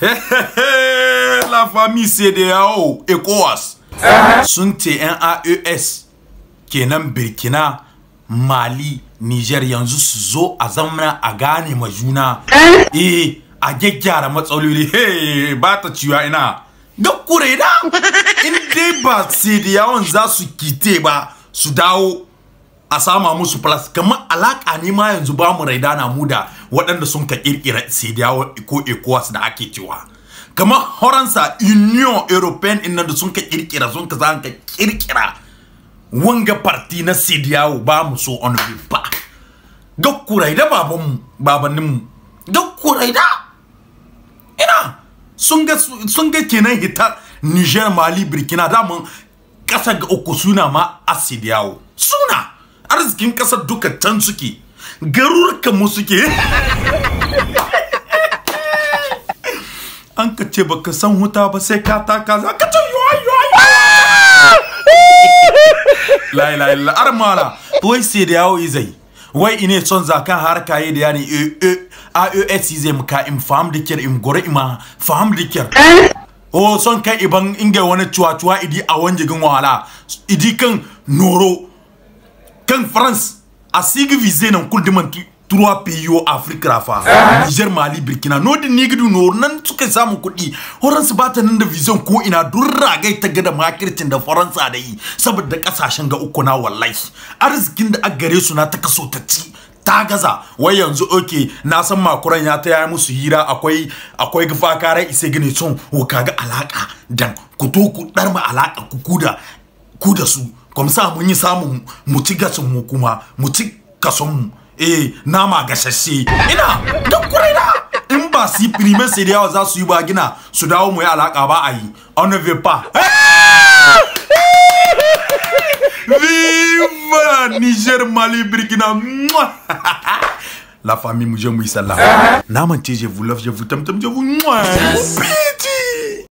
La famille CDAO, ECOWAS, uh-huh. sun ce e kenan birkina Mali, Niger yanzu su zo a zamana a gane ma juna. Eh, eh a gyaggyara matsaloli, he ba ta ciwa ina. Ga kure da, in dai ba CDAO za su kite ba su dawo a sama musu plus kamar alaƙa ne ma yanzu ba mu raida na mu waɗanda sun ka kirkira sediyawa ko ecowas da ake cewa kamar horansa union european inna da sun ka kirkira sun ka zanka ka kirkira wanga parti na sediyawo ba mu so on ba ga kurai da babanmu mu. ga kurai da ina sun ga sun ga kenan hita Niger Mali Burkina da mun kasa ga uku suna ma asidiyawo suna arzikin kasar duka can suke garurkan mu suke an ka ce baka san huta ba sai ka ka za ka ce la ila illa armala wai sai da yawo izai wai ine son zakan harka yi da yani iOS eh, eh, zai muka in faham da kyar in gore ima faham da kyar o son kai iban inga wani cuwa-cuwa idi a wani jigin wahala idi kan noro kan France asigi visé nan kul diman trois pays yo Afrique rafa ah. Niger Mali Burkina no da nigdu no nan suka samu kuɗi horon su bata nan da vision ko ina dun ragai ta da makircin da Faransa da yi saboda kasashen ga uku na wallahi arzikin da aka gare su na ta kaso ta ci ta gaza wai yanzu oke na san makuran ya ta yi musu hira akwai akwai gafakara ise gane son kaga alaka dan ku to ku dar ma alaka ku kuda ku da su kwamsa mun samu samun mu kuma mu eh nama gashashe ina duk kurina in ba su yi za su yi ba gina su dawo mu alaka ba ayi on ne veut pas vive niger mali burkina la famille mu je mu je vous love je vous tam je vous